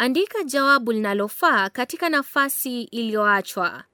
Andika jawabu linalofaa katika nafasi iliyoachwa.